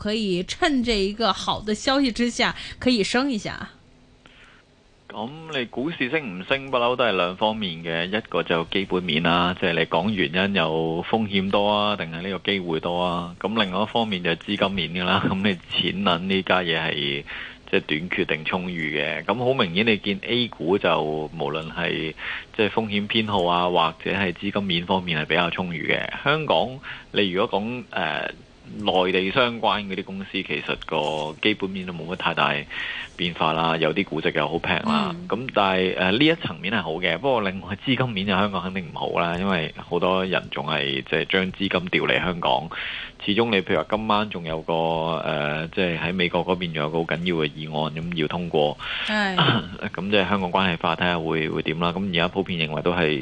可以趁這一個好的消息之下，可以升一下。咁你股市升唔升不嬲都係兩方面嘅，一個就基本面啦，即係你講原因有風險多啊，定係呢個機會多啊。咁另外一方面就資金面噶啦，咁你錢銀呢家嘢係即係短缺定充裕嘅。咁好明顯你見 A 股就無論係即係風險偏好啊，或者係資金面方面係比較充裕嘅。香港你如果講誒。呃內地相關嗰啲公司其實個基本面都冇乜太大變化啦，有啲估值又好平啦。咁但係誒呢一層面係好嘅，不過另外資金面就香港肯定唔好啦，因為好多人仲係即係將資金調嚟香港。始終你譬如話今晚仲有個誒，即係喺美國嗰邊仲有個好緊要嘅議案咁要通過，咁即係香港關係法睇下會會點啦。咁而家普遍認為都係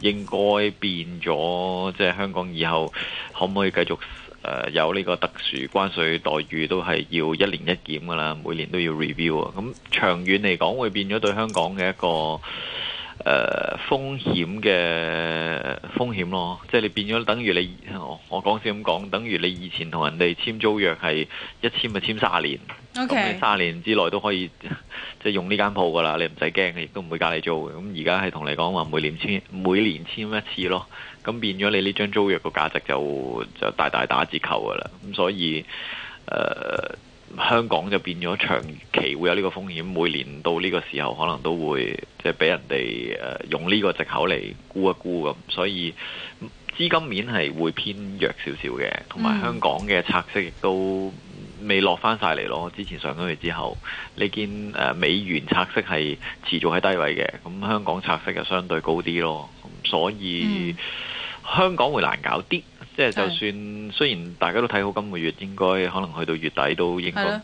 應該變咗，即係香港以後可唔可以繼續？誒、呃、有呢個特殊關稅待遇都係要一年一檢㗎啦，每年都要 review 啊。咁長遠嚟講，會變咗對香港嘅一個誒、呃、風險嘅風險咯。即係你變咗，等於你我講講先咁講，等於你以前同人哋簽租約係一簽咪簽三十年。咁、okay. 你三十年之內都可以即係、就是，用呢間鋪噶啦，你唔使驚嘅，亦都唔會加你租。咁而家係同你講話每年簽每年簽一次咯，咁變咗你呢張租約個價值就就大大打折扣噶啦。咁所以誒、呃、香港就變咗長期會有呢個風險，每年到呢個時候可能都會即係俾人哋誒、呃、用呢個藉口嚟估一估咁，所以資金面係會偏弱少少嘅，同埋香港嘅拆息亦都，嗯未落翻曬嚟咯，之前上咗去之後，你見、呃、美元拆息係持續喺低位嘅，咁香港拆息就相對高啲咯，所以、嗯、香港會難搞啲。即係就算雖然大家都睇好今個月，應該可能去到月底都應該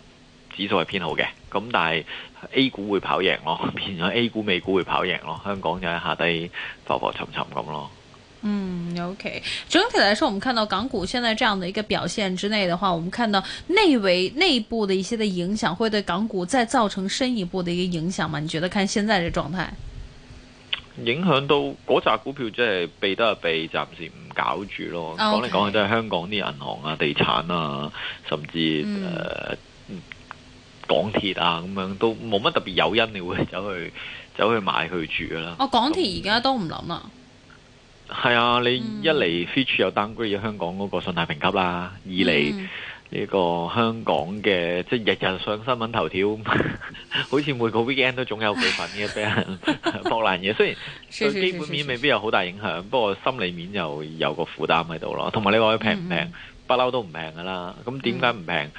指數係偏好嘅，咁但係 A 股會跑贏咯，變咗 A 股美股會跑贏咯，香港就喺下低浮浮沉沉咁咯。嗯，OK。整體來說，我們看到港股現在這樣的一個表現之內的話，我們看到內圍內部的一些的影響，會對港股再造成深一步的一個影響嗎？你覺得？看現在的狀態，影響到嗰扎股票即係避得係避，暫時唔搞住咯。Okay. 講嚟講去都係香港啲銀行啊、地產啊，甚至、嗯呃、港鐵啊咁樣，都冇乜特別誘因你會走去走去買去住噶啦。哦，港鐵而家都唔諗啦。係啊，你一嚟 Fitch 又 downgrade 咗香港嗰個信貸評級啦，二嚟呢個香港嘅，即係日日上新聞頭條，好似每個 weekend 都總有佢份嘅咩博爛嘢。雖然對基本面未必有好大影響，不過心裏面就有個負擔喺度咯。同埋你話佢平唔平，不嬲都唔平噶啦。咁點解唔平？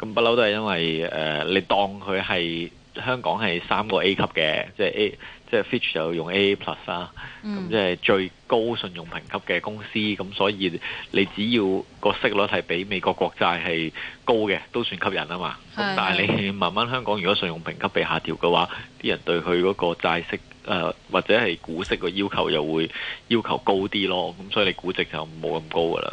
咁不嬲都係因為誒，你當佢係。香港係三個 A 級嘅，即係 A，即係 Fitch 就用 A plus 啦，咁即係最高信用評級嘅公司，咁所以你只要個息率係比美國國債係高嘅，都算吸引啊嘛。咁但係你慢慢香港如果信用評級被下調嘅話，啲人對佢嗰個債息誒、呃、或者係股息個要求又會要求高啲咯，咁所以你估值就冇咁高噶啦。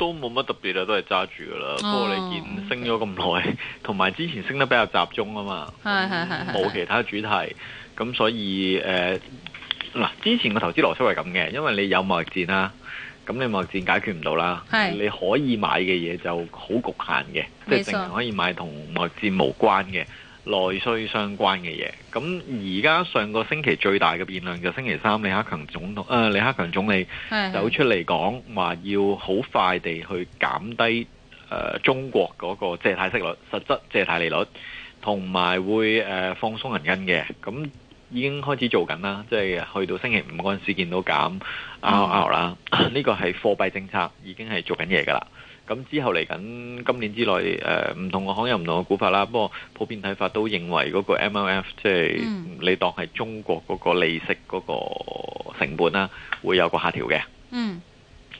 都冇乜特別啦，都係揸住噶啦。不過你見升咗咁耐，同埋之前升得比較集中啊嘛，冇其他主題，咁所以誒嗱、呃，之前個投資邏輯係咁嘅，因為你有貿易戰啦，咁你貿易戰解決唔到啦，你可以買嘅嘢就好局限嘅，是是即係淨係可以買同貿易戰無關嘅。內需相關嘅嘢，咁而家上個星期最大嘅變量就星期三李克強總統，誒、呃、李克強總理走出嚟講，話要好快地去減低、呃、中國嗰個借貸息率，實質借貸利率，同埋會、呃、放鬆銀根嘅，咁已經開始做緊啦，即係去到星期五嗰陣時見到減 out out 啦，呢、這個係貨幣政策已經係做緊嘢㗎啦。咁之後嚟緊今年之內，呃、唔同個行有唔同個估法啦。不過普遍睇法都認為嗰個 MLF 即係你當係中國嗰個利息嗰個成本啦，會有個下調嘅。嗯，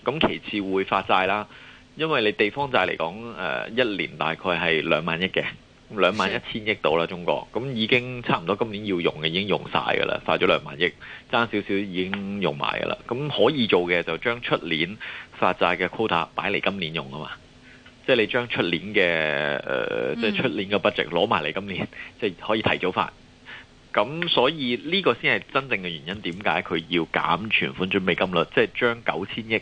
咁其次會發債啦，因為你地方債嚟講、呃，一年大概係兩萬億嘅。兩萬一千億到啦，中國咁已經差唔多，今年要用嘅已經用曬噶啦，發咗兩萬億，爭少少已經用埋噶啦。咁可以做嘅就將出年發債嘅 quota 擺嚟今年用啊嘛，即係你將出年嘅，誒、呃，即係出年嘅 budget 攞埋嚟今年，即係，嗯，可以提早發。咁所以呢個先係真正嘅原因，點解佢要減存款準備金率，即係將九千億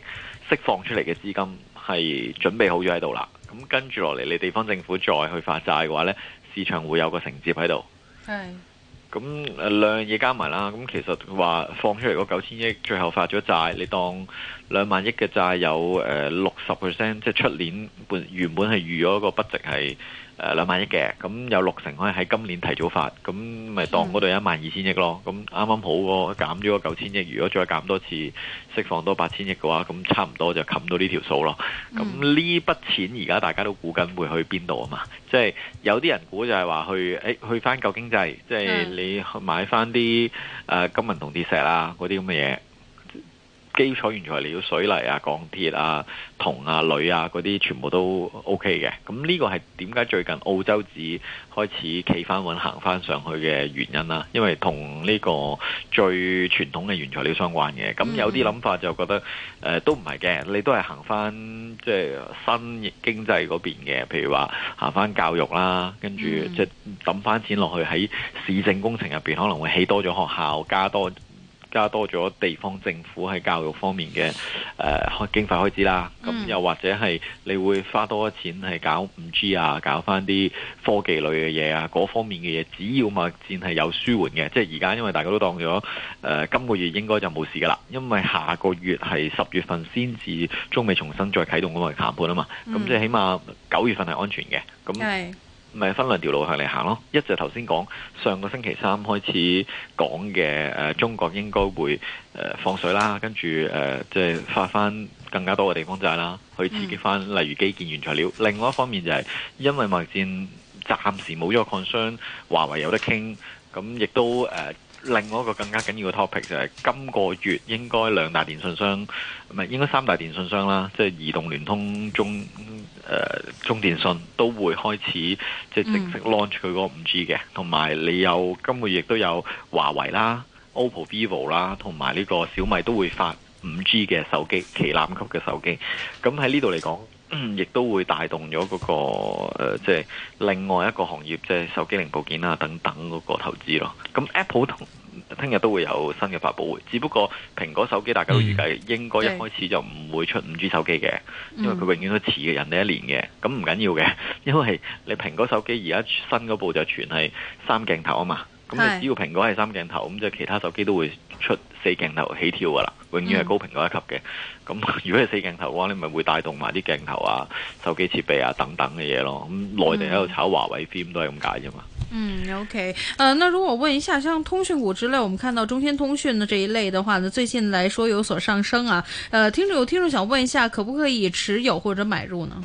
釋放出嚟嘅資金係準備好咗喺度啦。咁跟住落嚟，你地方政府再去發債嘅話呢，呢市場會有個承接喺度。係，咁兩樣嘢加埋啦。咁其實話放出嚟嗰九千億，最後發咗債，你當兩萬億嘅債有誒六十 percent，即係出年本原本係預咗個不值係。誒、呃、兩萬億嘅，咁有六成可以喺今年提早發，咁咪當嗰度一萬二千億咯。咁啱啱好個減咗個九千億，如果再減多次釋放多八千億嘅話，咁差唔多就冚到呢條數咯。咁呢筆錢而家大家都估緊會去邊度啊嘛？即、就、係、是、有啲人估就係話去，誒、欸、去翻舊經濟，即、就、係、是、你買翻啲誒金銀銅鐵石啊嗰啲咁嘅嘢。基礎原材料水泥啊、鋼鐵啊、銅啊、鋁啊嗰啲，全部都 O K 嘅。咁呢個係點解最近澳洲指開始企翻穩、行翻上去嘅原因啦？因為同呢個最傳統嘅原材料相關嘅。咁有啲諗法就覺得，誒、呃，都唔係嘅，你都係行翻即係新經濟嗰邊嘅。譬如話行翻教育啦，跟住即係抌翻錢落去喺市政工程入邊，可能會起多咗學校，加多。加多咗地方政府喺教育方面嘅誒經費開支啦，咁、嗯、又或者係你會花多錢係搞 5G 啊，搞翻啲科技類嘅嘢啊，嗰方面嘅嘢，只要貿易戰係有舒緩嘅，即係而家因為大家都當咗誒、呃、今個月應該就冇事噶啦，因為下個月係十月份先至中美重新再啟動咁嚟談判啊嘛，咁、嗯嗯、即係起碼九月份係安全嘅，咁。咪分兩條路向你行咯，一就頭先講上個星期三開始講嘅誒，中國應該會誒、呃、放水啦，跟住誒即係發翻更加多嘅地方債啦，去刺激翻例如基建原材料。Mm-hmm. 另外一方面就係、是、因為貿易戰暫時冇咗 concern，華為有得傾，咁亦都誒。呃另外一個更加緊要嘅 topic 就係今個月應該兩大電信商，唔係，應該三大電信商啦，即係移動聯通中、聯、呃、通、中誒中電信都會開始即係正式 launch 佢嗰個五 G 嘅，同、嗯、埋你有今個月都有華為啦、OPPO、vivo 啦，同埋呢個小米都會發五 G 嘅手機，旗艦級嘅手機。咁喺呢度嚟講。亦都會帶動咗嗰個誒，即係另外一個行業，即係手機零部件啊等等嗰個投資咯。咁 Apple 同聽日都會有新嘅發布會，只不過蘋果手機大家都預計應該一開始就唔會出五 G 手機嘅，因為佢永遠都遲嘅人哋一年嘅。咁唔緊要嘅，因為你蘋果手機而家新嗰部就全係三鏡頭啊嘛，咁你只要蘋果係三鏡頭，咁即係其他手機都會出四鏡頭起跳㗎喇。永遠係高評嗰一級嘅，咁、嗯、如果係四鏡頭嘅話，你咪會帶動埋啲鏡頭啊、手機設備啊等等嘅嘢咯。咁內地喺度炒華為 film、嗯、都係咁解啫嘛。嗯，OK，誒、呃，那如果我問一下，像通訊股之類，我們看到中天通訊呢這一類的話，呢最近來說有所上升啊。誒、呃，聽眾有聽眾想問一下，可唔可以持有或者買入呢？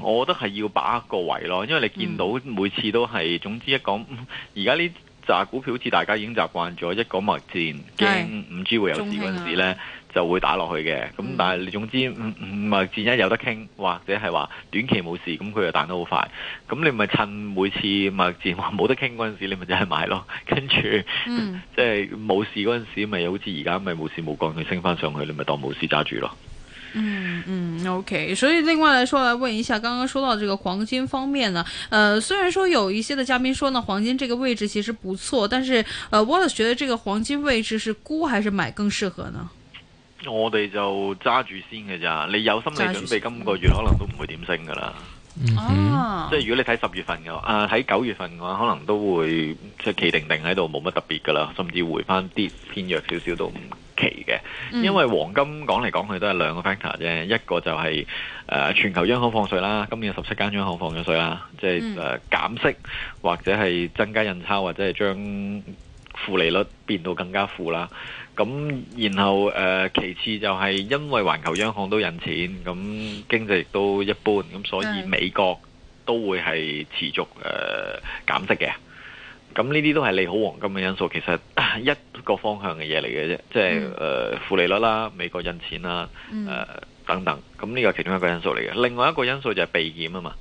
我覺得係要把握個位咯，因為你見到每次都係、嗯，總之一講而家呢。扎股票好似大家已經習慣咗，一講貿戰驚五 G 會有事嗰陣時咧，就會打落去嘅。咁但係你總之貿貿戰一有得傾，或者係話短期冇事，咁佢就彈得好快。咁你咪趁每次貿戰話冇得傾嗰陣時，你咪就係買咯。跟住即係冇事嗰陣時，咪好似而家咪冇事冇幹佢升翻上去，你咪當冇事揸住咯。嗯嗯，OK。所以另外來說，來問一下，剛剛說到這個黃金方面呢，呃，雖然說有一些嘅嘉賓說呢，黃金這個位置其實不錯，但是，呃，我哋覺得這個黃金位置是沽還是買更適合呢？我哋就揸住先嘅咋，你有心理準備，今個月可能都唔會點升噶啦。哦、啊，即係如果你睇十月份嘅話，啊、呃，喺九月份嘅話，可能都會即係企定定喺度，冇乜特別噶啦，甚至回翻啲偏弱少少都因為黃金講嚟講去都係兩個 factor 啫，一個就係誒全球央行放水啦，今年有十七間央行放咗水啦，即係誒減息或者係增加印鈔或者係將負利率變到更加負啦。咁然後誒其次就係因為環球央行都印錢，咁經濟亦都一般，咁所以美國都會係持續誒減息嘅。咁呢啲都係利好黃金嘅因素，其實一個方向嘅嘢嚟嘅啫，即係誒負利率啦、美國印錢啦、嗯呃、等等，咁呢個係其中一個因素嚟嘅。另外一個因素就係避險啊嘛，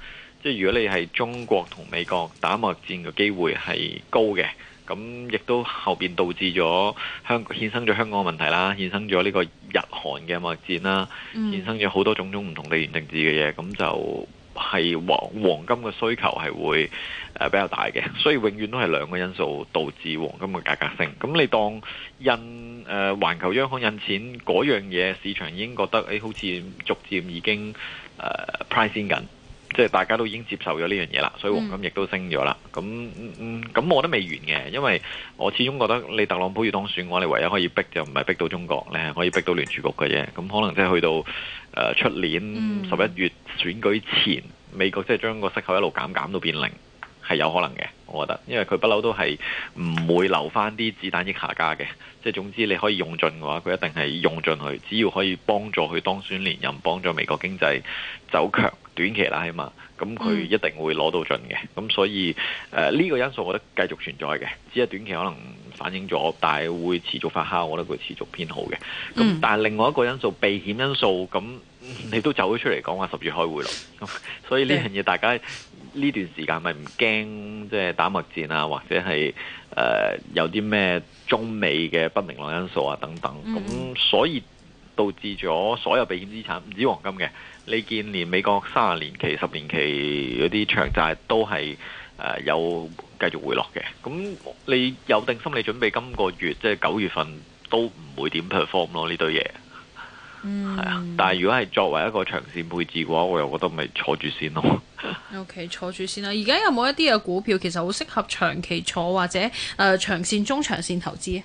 即係如果你係中國同美國打貿戰嘅機會係高嘅，咁亦都後面導致咗香衍生咗香港嘅問題啦，衍生咗呢個日韓嘅貿戰啦，嗯、衍生咗好多種種唔同地緣政治嘅嘢，咁就係黃黃金嘅需求係會比較大嘅，所以永遠都係兩個因素導致黃金嘅價格升。咁你當印誒、呃、環球央行印錢嗰樣嘢，市場已經覺得誒、哎、好似逐漸已經誒、呃、pricing 緊，即係大家都已經接受咗呢樣嘢啦，所以黃金亦都升咗啦。咁、嗯、咁，嗯、咁我都未完嘅，因為我始終覺得你特朗普要當選，我哋你唯一可以逼就唔係逼到中國咧，可以逼到聯儲局嘅啫。咁可能即係去到誒出、呃、年十一月選舉前，嗯、美國即係將個息口一路減減到變零。係有可能嘅，我覺得，因為佢不嬲都係唔會留返啲子彈益下家嘅，即係總之你可以用盡嘅話，佢一定係用盡去，只要可以幫助佢當選連任，幫助美國經濟走強、嗯、短期啦起碼，咁佢一定會攞到盡嘅。咁、嗯、所以誒呢、呃這個因素，我覺得繼續存在嘅，只係短期可能反映咗，但係會持續發酵，我覺得會持續偏好嘅。咁、嗯、但係另外一個因素避險因素，咁你都走咗出嚟講話十月開會咯，所以呢樣嘢大家。嗯、大家呢段時間咪唔驚，即係打墨戰啊，或者係、呃、有啲咩中美嘅不明朗因素啊等等。咁、嗯、所以導致咗所有避險資產，唔止黃金嘅，你見連美國三十年期、十年期嗰啲長債都係、呃、有繼續回落嘅。咁你有定心理準備，今個月即係九月份都唔會點 perform 咯呢堆嘢。嗯，係啊，但係如果係作為一個長線配置嘅話，我又覺得咪坐住先咯，okay。OK，坐住先啦。而家有冇一啲嘅股票，其實好適合長期坐或者誒、呃、長線、中長線投資？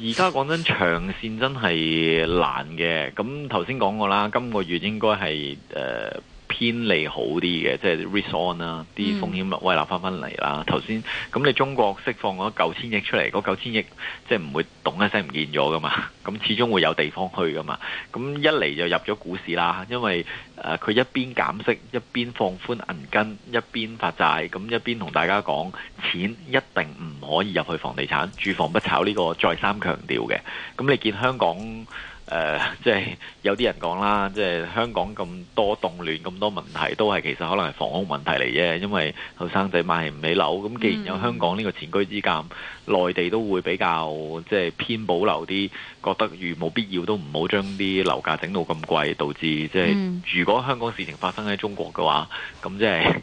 而家講真，長線真係難嘅。咁頭先講過啦，今個月應該係誒。呃偏利好啲嘅，即係 risk on 啦，啲風險胃納翻返嚟啦。頭先咁你中國釋放嗰九千億出嚟，嗰九千億即係唔會咚一聲唔見咗㗎嘛。咁始終會有地方去㗎嘛。咁一嚟就入咗股市啦，因為佢、呃、一邊減息，一邊放寬銀根，一邊發債，咁一邊同大家講錢一定唔可以入去房地產，住房不炒呢個再三強調嘅。咁你見香港？誒、呃，即係有啲人講啦，即係香港咁多動亂，咁多問題，都係其實可能係房屋問題嚟啫。因為後生仔買唔起樓，咁既然有香港呢個前車之鑑，內地都會比較即係偏保留啲，覺得如冇必要都唔好將啲樓價整到咁貴，導致即係、嗯、如果香港事情發生喺中國嘅話，咁即係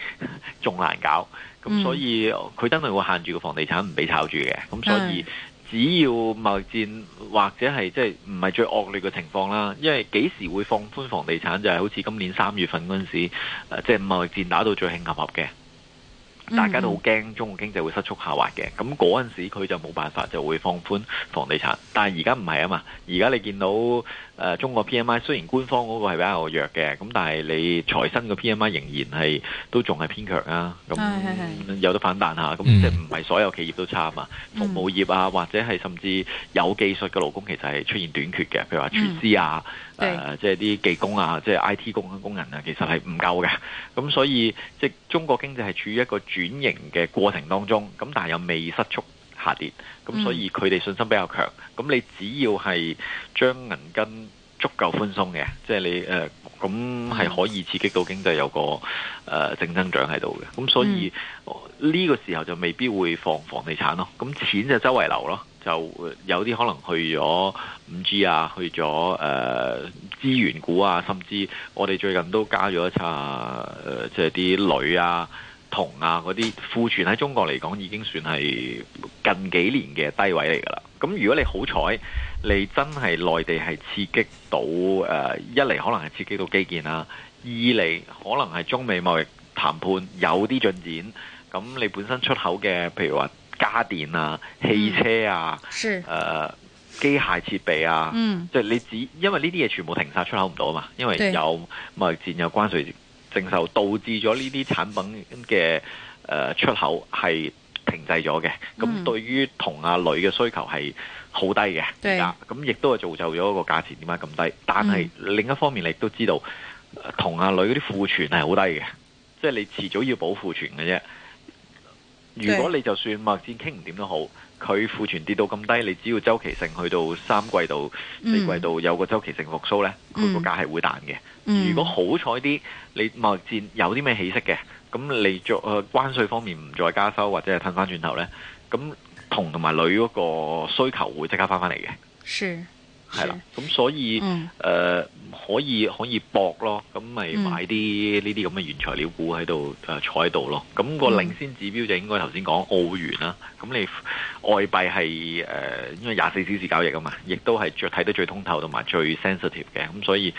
仲 難搞。咁所以佢、嗯、真係會限住個房地產唔俾炒住嘅。咁所以。嗯只要貿易戰或者係即係唔係最惡劣嘅情況啦，因為幾時會放寬房地產就係好似今年三月份嗰陣時，即係貿易戰打到最興合合嘅，大家都好驚中國經濟會失速下滑嘅。咁嗰陣時佢就冇辦法就會放寬房地產，但係而家唔係啊嘛，而家你見到。誒中國 PMI 雖然官方嗰個係比較弱嘅，咁但係你財新嘅 PMI 仍然係都仲係偏強啊，咁有得反彈吓，咁即唔係所有企業都差嘛？服務業啊，或者係甚至有技術嘅勞工其實係出現短缺嘅，譬如話廚師啊，誒即係啲技工啊，即係 IT 工工人啊，其實係唔夠嘅，咁所以即中國經濟係處於一個轉型嘅過程當中，咁但係又未失速。下、嗯、跌，咁所以佢哋信心比較強。咁你只要係將銀根足夠寬鬆嘅，即、就、係、是、你誒，咁、呃、係可以刺激到經濟有個誒、呃、正增長喺度嘅。咁所以呢個時候就未必會放房地產咯。咁錢就周圍流咯，就有啲可能去咗五 G 啊，去咗誒資源股啊，甚至我哋最近都加咗一紮誒即係啲鋁啊。同啊，嗰啲庫存喺中國嚟講已經算係近幾年嘅低位嚟噶啦。咁如果你好彩，你真係內地係刺激到誒、呃、一嚟可能係刺激到基建啦，二嚟可能係中美貿易談判有啲進展。咁你本身出口嘅，譬如話家電啊、汽車啊、誒、嗯呃、機械設備啊，即、嗯、係、就是、你只因為呢啲嘢全部停晒出口唔到啊嘛，因為有貿易戰有關稅。承受導致咗呢啲產品嘅誒、呃、出口係停滯咗嘅，咁、嗯、對於銅呀鋁嘅需求係好低嘅，咁亦都係造就咗個價錢點解咁低。但係另一方面，你亦都知道銅呀鋁嗰啲庫存係好低嘅，即、就、係、是、你遲早要補庫存嘅啫。如果你就算貿易戰傾唔掂都好，佢庫存跌到咁低，你只要周期性去到三季度，嗯、四季度有個周期性復蘇咧，佢個價係會彈嘅，嗯。如果好彩啲，你貿易戰有啲咩起色嘅，咁你做，呃、關稅方面唔再加收，或者係褪翻轉頭咧，咁銅同埋鋁嗰個需求會即刻翻返嚟嘅。是。係啦，咁所以誒、嗯呃、可以可以搏咯，咁咪買啲呢啲咁嘅原材料股喺度誒坐喺度咯。咁、個領先指標就應該頭先講澳元啦。咁你外幣係誒、呃，因為廿四小時交易啊嘛，亦都係睇得最通透同埋最 sensitive 嘅。咁所以。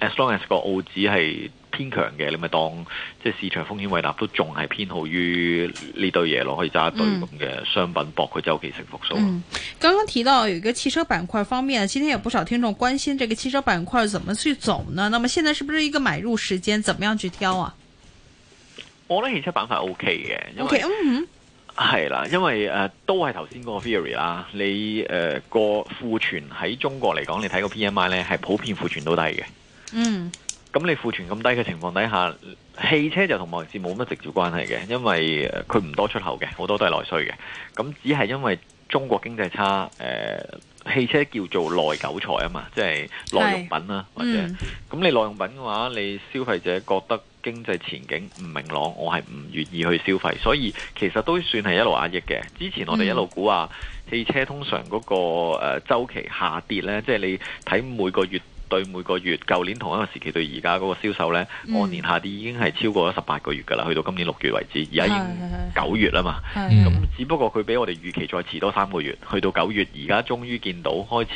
As long as 個澳指係偏強嘅，你咪當即係市場風險胃納都仲係偏好於呢對嘢囉，可以揸對咁嘅商品博佢、嗯、周期性復甦。嗯，剛剛提到有一個汽車板塊方面，今天有不少聽眾關心這個汽車板塊怎麼去走呢？那麼現在是不是一個買入時間？怎麼樣去挑啊？我覺得汽車板塊 OK 嘅，OK 嗯，係啦，因為誒、okay, 嗯呃、都係頭先嗰 theory 啦，你誒個庫存喺中國嚟講，你睇個 PMI 咧係普遍庫存都低嘅。嗯，咁你庫存咁低嘅情況底下，汽車就同貿易戰冇乜直接關係嘅，因為佢唔多出口嘅，好多都係內需嘅。咁只係因為中國經濟差，誒、呃，汽車叫做耐久財啊嘛，即係耐用品啦，啊，或者，咁，嗯、你耐用品嘅話，你消費者覺得經濟前景唔明朗，我係唔願意去消費，所以其實都算係一路壓抑嘅。之前我哋一路估話，嗯，汽車通常嗰個誒週期下跌咧，即、就、係、是、你睇每個月。對每個月，舊年同一個時期對而家嗰個銷售呢、嗯，按年下跌已經係超過咗十八個月噶啦，去到今年六月為止，而家已經九月啦嘛。咁只不過佢比我哋預期再遲多三個月，去到九月，而家終於見到開始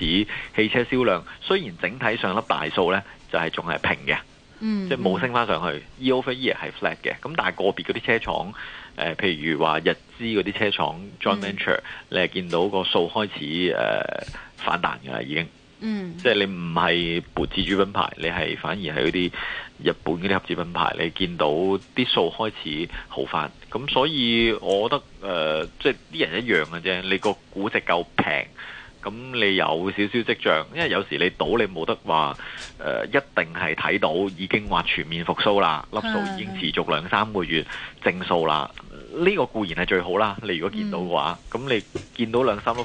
汽車銷量，雖然整體上粒大數呢就係仲係平嘅、嗯，即係冇升翻上去 year over year 係 flat 嘅。咁但係個別嗰啲車廠、呃，譬如話日資嗰啲車廠，joint venture 你係見到個數開始誒、呃、反彈噶啦，已經。嗯，即係你唔係搏自主品牌，你係反而係嗰啲日本嗰啲合資品牌，你見到啲數開始好返，咁所以我覺得誒、呃，即係啲人一樣嘅啫。你個估值夠平，咁你有少少跡象，因為有時你賭你冇得話誒，一定係睇到已經話全面復蘇啦，粒數已經持續兩三個月是是是正數啦，呢、這個固然係最好啦。你如果見到嘅話，咁、嗯、你見到兩三粒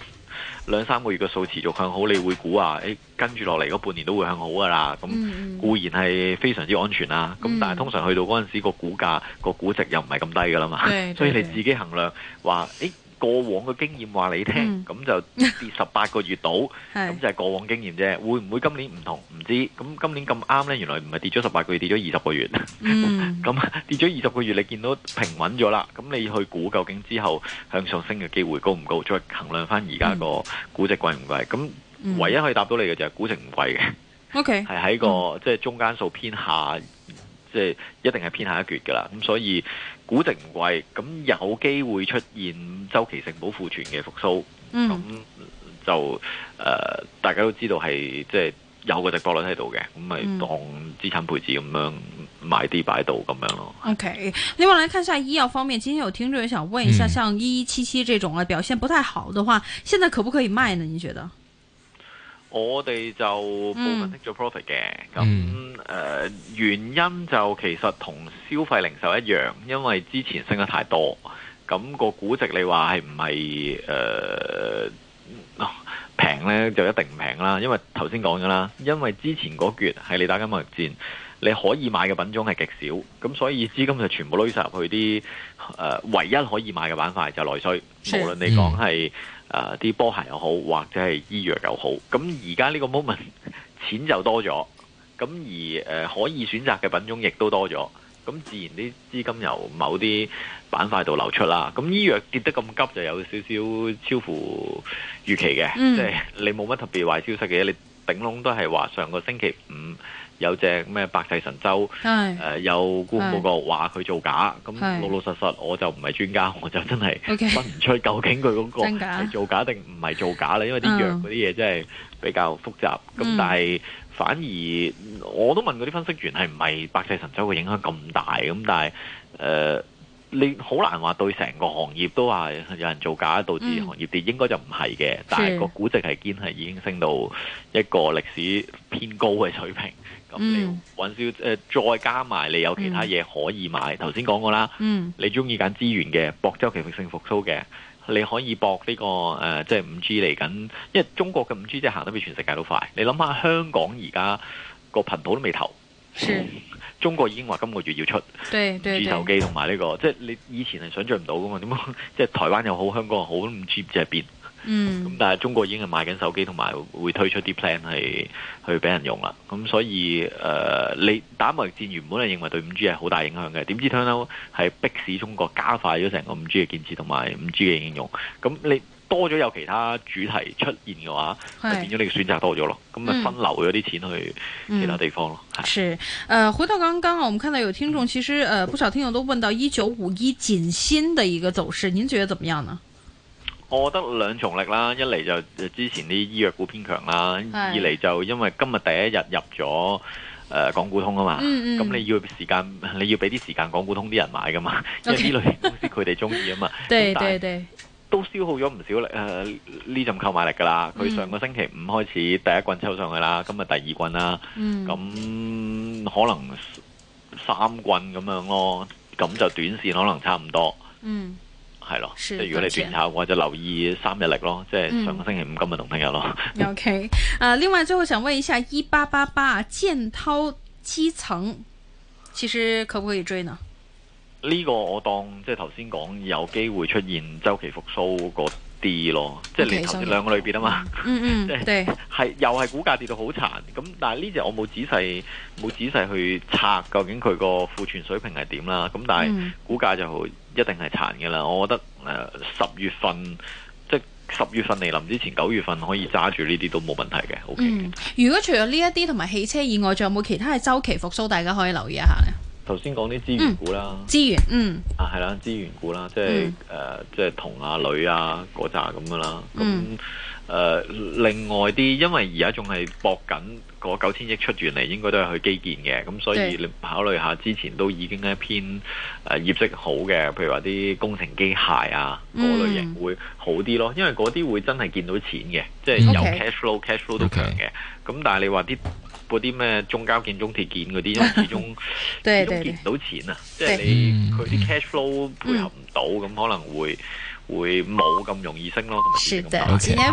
兩三個月嘅數持續向好，你會估啊？誒、欸，跟住落嚟嗰半年都會向好噶啦，咁、嗯、固然係非常之安全啦、啊。咁、嗯、但係通常去到嗰陣時股價、嗰個股價個估值又唔係咁低噶啦嘛，對、對、對，所以你自己衡量話誒。過往嘅經驗話你聽，咁、嗯、就跌十八個月到，咁 就係過往經驗啫。會唔會今年唔同？唔知咁今年咁啱呢，原來唔係跌咗十八個月，跌咗二十個月。咁、嗯、 跌咗二十個月，你見到平穩咗啦。咁你去估究，究竟之後向上升嘅機會高唔高、嗯？再衡量翻而家個估值貴唔貴。咁唯一可以答到你嘅就係估值唔貴嘅。O 係喺個、嗯、即係中間數偏下，即係一定係偏下一橛嘅啦。咁所以。估值唔貴，咁有機會出現周期性補庫存嘅復蘇，咁、嗯、就誒、呃，大家都知道係即係有個直播率喺度嘅，咁咪當資產配置咁樣買啲擺度咁樣咯。OK，另外嚟看下醫藥方面，今天有聽眾想問一下，像一一七七這種啊表現不太好的話，現在可不可以賣呢？你覺得？我哋就部分 take 咗 profit 嘅，咁、嗯、誒、嗯呃、原因就其實同消費零售一樣，因為之前升得太多，咁、那個估值你話係唔係誒平呢？就一定唔平啦，因為頭先講咗啦，因為之前嗰月係你打緊貿易戰，你可以買嘅品種係極少，咁所以資金就全部攞晒入去啲、呃、唯一可以買嘅板塊就是、內需，無論你講係。嗯啊！啲波鞋又好，或者係醫藥又好，咁而家呢個 moment 錢就多咗，咁而、呃、可以選擇嘅品種亦都多咗，咁自然啲資金由某啲板塊度流出啦。咁醫藥跌得咁急，就有少少超乎預期嘅，即、嗯係你冇乜特別壞消息嘅，你頂籠都係話上個星期五。有隻咩百世神舟，誒有官網個話佢造假，咁老老實實我就唔係專家，我就真係分唔出究竟佢嗰個係造假定唔係造假啦，因為啲藥嗰啲嘢真係比較複雜，咁但係反而我都問嗰啲分析員係唔係百世神舟會影響咁大？咁但係誒。你好難話對成個行業都話有人做假導致行業跌，嗯、應該就唔係嘅。但係個估值係堅係已經升到一個歷史偏高嘅水平。咁、嗯、你搵少，再加埋，你有其他嘢可以買。頭先講過啦、嗯，你中意揀資源嘅，博周期性復蘇嘅，你可以博呢個即係五 G 嚟緊。因為中國嘅五 G 即係行得比全世界都快。你諗下香港而家個頻譜都未投。中國已經話今個月要出 5G 手機同埋呢個，對對對即係你以前係想象唔到噶嘛？點解即係台灣又好、香港又好五 G 唔知係邊？咁、嗯、但係中國已經係賣緊手機同埋會推出啲 plan 係去俾人用啦。咁所以誒、呃，你打貿易戰原本係認為對五 g 係好大影響嘅，點知 turn out 係逼使中國加快咗成個五 g 嘅建設同埋五 g 嘅應用。咁你。多咗有其他主題出現嘅話，就變咗你嘅選擇多咗咯，咁、嗯、咪分流咗啲錢去其他地方咯、嗯。是誒、呃，回到剛，剛剛我們看到有聽眾、嗯，其實誒、呃、不少聽友都問到一九五一錦欣的一個走勢，您覺得怎麼樣呢？我覺得兩重力啦，一嚟就之前啲醫藥股偏強啦，二嚟就因為今日第一日入咗誒、呃、港股通啊嘛，咁、嗯嗯、你要時間你要俾啲時間港股通啲人買噶嘛，Okay. 因為呢類型公司佢哋中意啊嘛。對 對對。都消耗咗唔少力，誒、呃，呢陣購買力噶啦。佢上個星期五開始第一棍抽上去啦，嗯、今日第二棍啦，咁、嗯、可能三棍咁樣咯，咁就短線可能差唔多。嗯，係咯。即係如果你短炒嘅話，就留意三日力咯，嗯、即係上個星期五、今日同聽日咯、嗯。 OK，啊、uh，另外最後想問一下，一八八八建滔積層，其實可唔可以追呢？呢、這個我當即係頭先講有機會出現週期復甦嗰啲咯，即係連頭先兩個類別啊嘛。Okay, so、 嗯嗯，即係又係股價跌到好殘。咁但係呢隻我冇仔細冇仔細去拆究竟佢個庫存水平係點啦。咁但係股價就一定係殘嘅啦。我覺得誒十、呃、月份即係十月份嚟臨之前九月份可以揸住呢啲都冇問題嘅。嗯、o、okay、K。如果除咗呢一啲同埋汽車以外，仲有冇其他嘅週期復甦？大家可以留意一下咧。頭先講啲資源股啦，資、嗯、源嗯，啊係啦，資源股啦，即係誒、嗯呃，即係銅啊、鋁啊嗰扎咁噶啦。咁、嗯、誒、呃，另外啲，因為而家仲係搏緊嗰九千億出完嚟，應該都係去基建嘅。咁所以你考慮下，之前都已經係偏誒業績好嘅，譬如話啲工程機械啊嗰、那個、類型會好啲咯。因為嗰啲會真係見到錢嘅、嗯，即係有 cash flow，cash flow 都強嘅。咁、okay. 但係你話啲。嗰啲咩中交建、中鐵建嗰啲，始終 始終見唔到錢啊！即係你佢啲、嗯、cash flow、嗯、配合唔到，咁可能會會冇咁容易升咯。同埋、嗯、是，是，大是的。Okay.